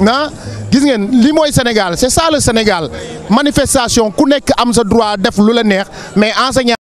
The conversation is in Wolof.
ah gis ngeen li mooy Sénégal c'est ça le Sénégal manifestation ku nekk am sa droit def lu la neex mais enseignant